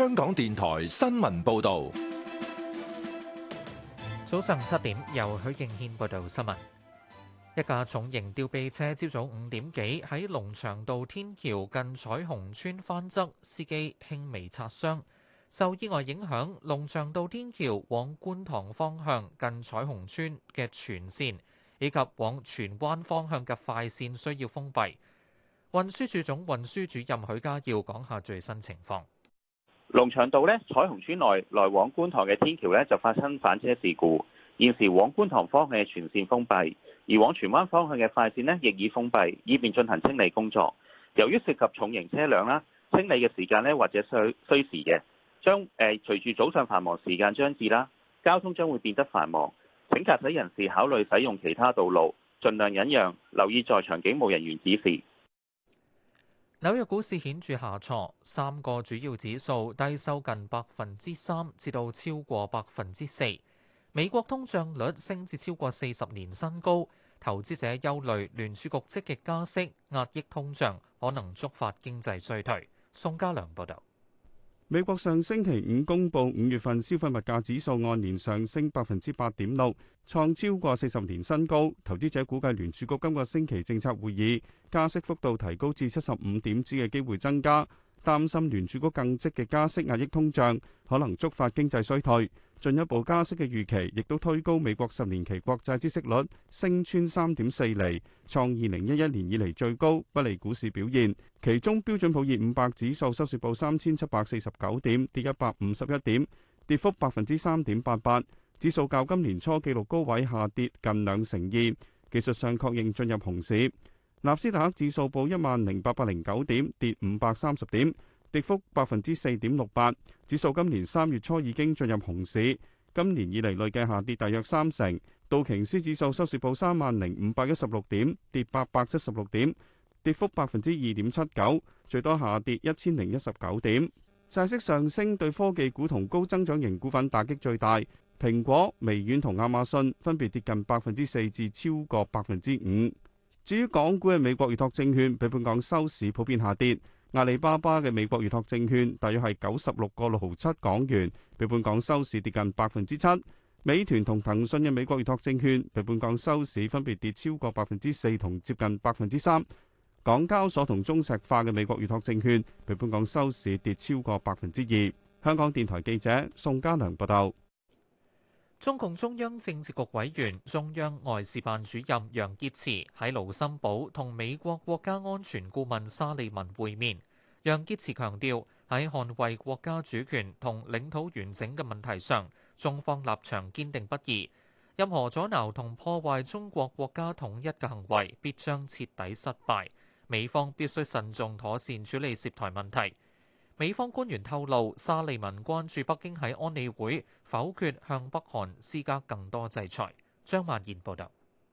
香港電台新聞報道，早上七點由許敬軒報道新聞。一架重型吊臂車朝早五點幾喺龍翔道天橋近彩虹村翻側，司機輕微擦傷。受意外影響，龍翔道天橋往觀塘方向近彩虹村嘅全線，以及往荃灣方向嘅快線需要封閉。運輸署總運輸主任許家耀講下最新情況。龍翔道咧，彩虹村內來往觀塘嘅天橋咧就發生翻車事故，現時往觀塘方向嘅全線封閉，而往荃灣方向嘅快線呢，亦已封閉，以便進行清理工作。由於涉及重型車輛啦，清理嘅時間呢，或者需需時嘅，將誒隨住早上繁忙時間將至啦，交通將會變得繁忙，請駕駛人士考慮使用其他道路，盡量忍讓，留意在場警務人員指示。紐約股市顯著下挫，三個主要指數低收近百分之三，至到超過百分之四。美國通脹率升至超過四十年新高，投資者憂慮聯儲局積極加息壓抑通脹，可能觸發經濟衰退。宋家良報導。美國上星期五公布五月份消費物價指數按年上升百分之八點六，創超過四十年新高。投資者估計聯儲局今個星期政策會議加息幅度提高至七十五點子嘅機會增加，擔心聯儲局更積極加息壓抑通脹，可能觸發經濟衰退。進一步加息嘅預期，亦都推高美國十年期國債孳息率，升穿三點四厘，創二零一一年以嚟最高。不利股市表現，其中標準普爾五百指數收市報三千七百四十九點，跌一百五十一點，跌幅百分之三點八八。指數較今年初紀錄高位下跌近兩成二，技術上確認進入熊市。納斯達克指數報一萬零八百零九點，跌五百三十點。跌幅百分之四點六八，指數今年三月初已經進入熊市，今年以嚟累計下跌大約三成。道瓊斯指數收市報三萬零五百一十六點，跌八百七十六點，跌幅百分之二點七九，最多下跌一千零一十九點。債息上升對科技股同高增長型股份打擊最大，蘋果、微軟同亞馬遜分別跌近百分之四至超過百分之五。至於港股嘅美國預託證券，比本港收市普遍下跌。阿里巴巴嘅美國預託證券大約係九十六個六毫七港元，比本港收市跌近百分之七。美團同騰訊嘅美國預託證券，比本港收市分別跌超過百分之四同接近百分之三。港交所同中石化嘅美國預託證券，比本港收市跌超過百分之二。香港電台記者宋家良報道。中共中央政治局委員、中央外事辦主任楊潔篪喺盧森堡同美國國家安全顧問沙利文會面。楊潔篪強調，喺捍衛國家主權同領土完整嘅問題上，中方立場堅定不移。任何阻撓同破壞中國國家統一嘅行為必將徹底失敗，美方必須慎重妥善處理涉台問題。美方官員透露，沙利文關注北京喺安理會否決向北韓施加更多制裁。張萬賢報道。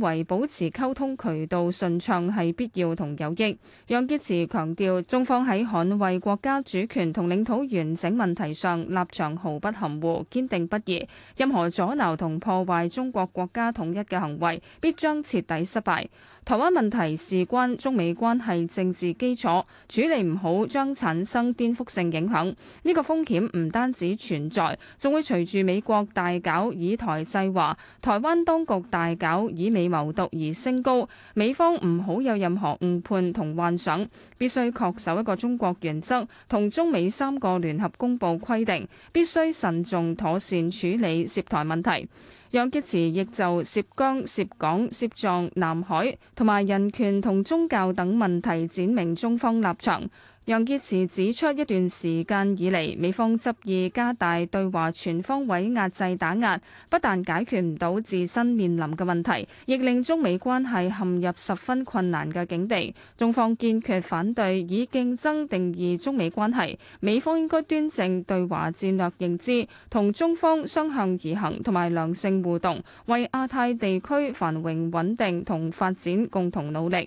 為保持溝通渠道順暢係必要同有益。楊潔篪強調，中方喺捍衛國家主權同領土完整問題上立場毫不含糊、堅定不移。任何阻撓同破壞中國國家統一嘅行為，必將徹底失敗。台灣問題事關中美關係政治基礎，處理唔好將產生顛覆性影響。呢、這個風險唔單止存在，仲會隨住美國大搞以台制華，台灣當局大搞以美謀獨而升高。美方唔好有任何誤判同幻想，必須恪守一個中國原則同中美三個聯合公報規定，必須慎重妥善處理涉台問題。楊潔篪亦就涉疆、涉港、涉藏、南海同埋人權同宗教等問題，展明中方立場。楊潔篪指出，一段時間以來，美方執意加大對華全方位壓制打壓，不但解決唔到自身面臨嘅問題，亦令中美關係陷入十分困難嘅境地。中方堅決反對以競爭定義中美關係。美方應該端正對華戰略認知，同中方雙向而行同埋良性互動，為亞太地區繁榮穩定同發展共同努力。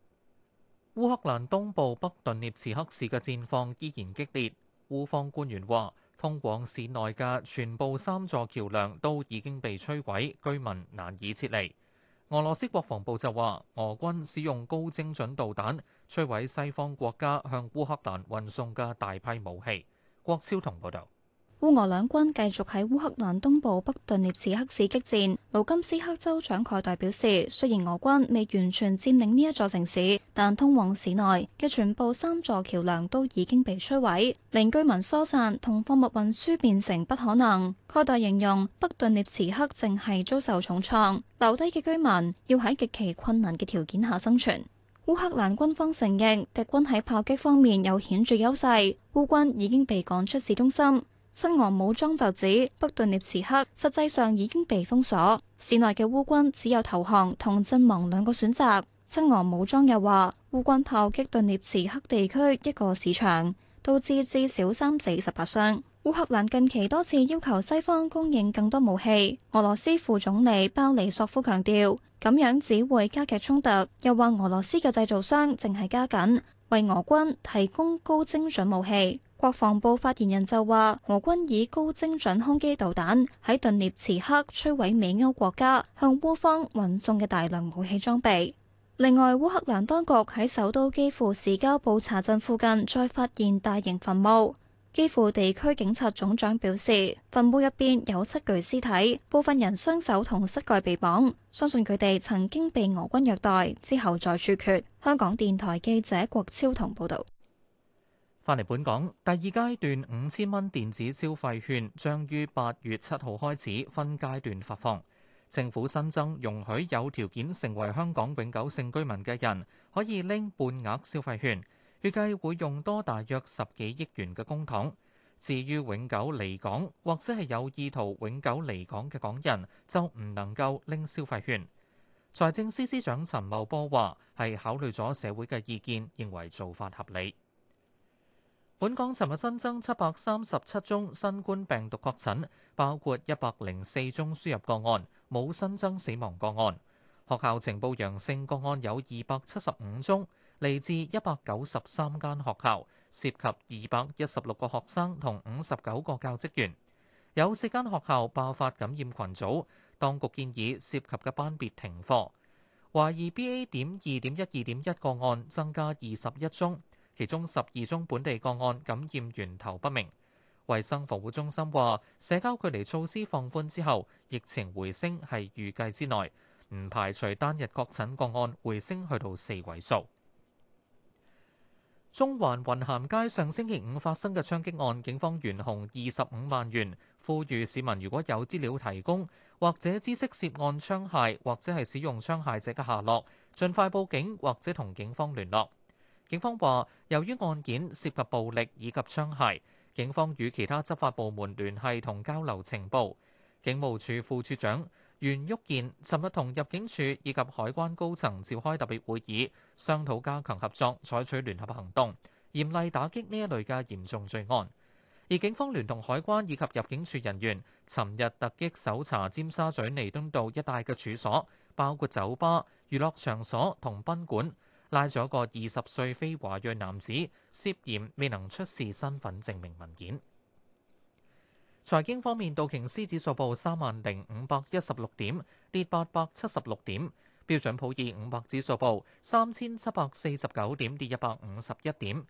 烏克蘭東部北頓涅茨克市嘅戰況依然激烈，烏方官員話，通往市內嘅全部三座橋樑都已經被摧毀，居民難以撤離。俄羅斯國防部就話，俄軍使用高精準導彈摧毀西方國家向烏克蘭運送嘅大批武器。郭超同報道。烏俄兩軍繼續喺烏克蘭東部北頓涅茨克市激戰。盧金斯克州長蓋代表示，雖然俄軍未完全佔領呢一座城市，但通往市內嘅全部三座橋梁都已經被摧毀，令居民疏散同貨物運輸變成不可能。蓋代形容北頓涅茨克正係遭受重創，留低嘅居民要喺極其困難嘅條件下生存。烏克蘭軍方承認敵軍喺炮擊方面有顯著優勢，烏軍已經被趕出市中心。親俄武裝就指北頓涅茨克實際上已經被封鎖，市內嘅烏軍只有投降同陣亡兩個選擇。親俄武裝又話烏軍炮擊頓涅茨克地區一個市場，導致至少三四十八傷。烏克蘭近期多次要求西方供應更多武器，俄羅斯副總理鮑里索夫強調，咁樣只會加劇衝突，又話俄羅斯嘅製造商淨係加緊為俄軍提供高精準武器。國防部發言人就話，俄軍以高精準空基導彈喺頓涅茨克摧毀美歐國家向烏方運送嘅大量武器裝備。另外，烏克蘭當局喺首都基輔市郊布查鎮附近再發現大型墳墓，基輔地區警察總長表示，墳墓入邊有七具屍體，部分人雙手同膝蓋被綁，相信佢哋曾經被俄軍虐待之後再處決。香港電台記者郭超同報道。返嚟本港，第二階段五千蚊電子消費券將於八月七號開始分階段發放。政府新增容許有條件成為香港永久性居民嘅人可以拎半額消費券，預計會用多大約十幾億元嘅公帑。至於永久離港或者係有意圖永久離港嘅港人，就唔能夠拎消費券。財政司司長陳茂波話，係考慮咗社會嘅意見，認為做法合理。本港尋日新增七百三十七宗新冠病毒確診，包括一百零四宗輸入個案，冇新增死亡個案。學校呈報陽性個案有二百七十五宗，嚟自一百九十三間學校，涉及二百一十六個學生同五十九個教職員。有四間學校爆發感染群組，當局建議涉及嘅班別停課。懷疑 B A 點二點一二點一個案增加二十一宗。其中十二宗本地個案感染源頭不明。衛生防護中心話，社交距離措施放寬之後，疫情回升係預計之內，唔排除單日確診個案回升去到四位數。中環雲咸街上星期五發生嘅槍擊案，警方懸紅二十五萬元，呼籲市民如果有資料提供，或者知識涉案槍械，或者係使用槍械者嘅下落，盡快報警或者同警方聯絡。警方話，由於案件涉及暴力以及槍械，警方與其他執法部門聯繫同交流情報。警務處副處長袁旭健尋日同入境處以及海關高層召開特別會議，商討加強合作，採取聯合行動，嚴厲打擊呢一類嘅嚴重罪案。而警方聯同海關以及入境處人員，尋日突擊搜查尖沙咀彌敦道一帶嘅處所，包括酒吧、娛樂場所同賓館。拉咗個二十歲非華裔男子，涉嫌未能出示身份證明文件。財經方面，道瓊斯指數報三萬零五百一十六點，跌八百七十六點；標準普爾五百指數報三千七百四十九點，跌一百五十一點。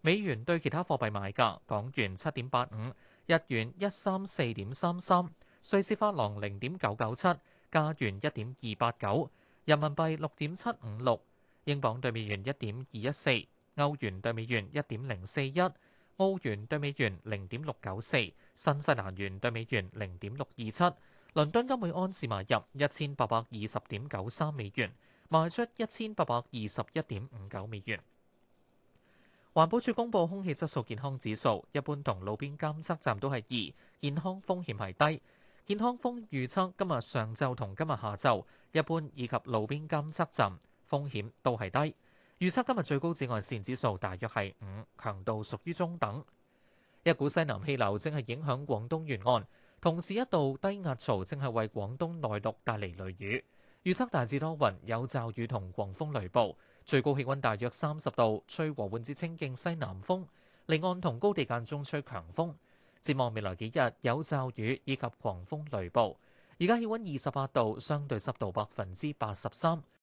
美元對其他貨幣賣價：港元七點八五，日元一三四點三三，瑞士法郎零點九九七，加元一點二八九，人民幣六點七五六。英鎊兌美元一點二一四，歐元兌美元一點零四一，澳元兌美元零點六九四，新西蘭元兌美元零點六二七。倫敦金每安士買入一千八百二十點九三美元，賣出一千八百二十一點五九美元。環保署公布空氣質素健康指數，一般同路邊監測站都係二，健康風險係低。健康風預測今日上晝同今日下晝一般以及路邊監測站。風險都係低，預測今日最高紫外線指數大約係五，強度屬於中等。一股西南氣流正係影響廣東沿岸，同時一道低壓槽正係為廣東內陸帶嚟雷雨。預測大致多雲，有驟雨同狂風雷暴，最高氣温大約三十度，吹和緩至清勁西南風，離岸同高地間中吹強風。展望未來幾日有驟雨以及狂風雷暴。而家氣温二十八度，相對濕度百分之八十三。